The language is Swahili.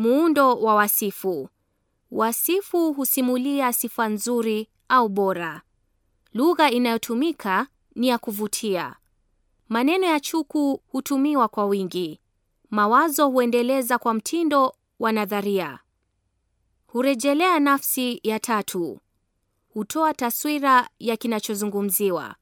Muundo wa wasifu. Wasifu husimulia sifa nzuri au bora. Lugha inayotumika ni ya kuvutia. Maneno ya chuku hutumiwa kwa wingi. Mawazo huendeleza kwa mtindo wa nadharia. Hurejelea nafsi ya tatu. Hutoa taswira ya kinachozungumziwa.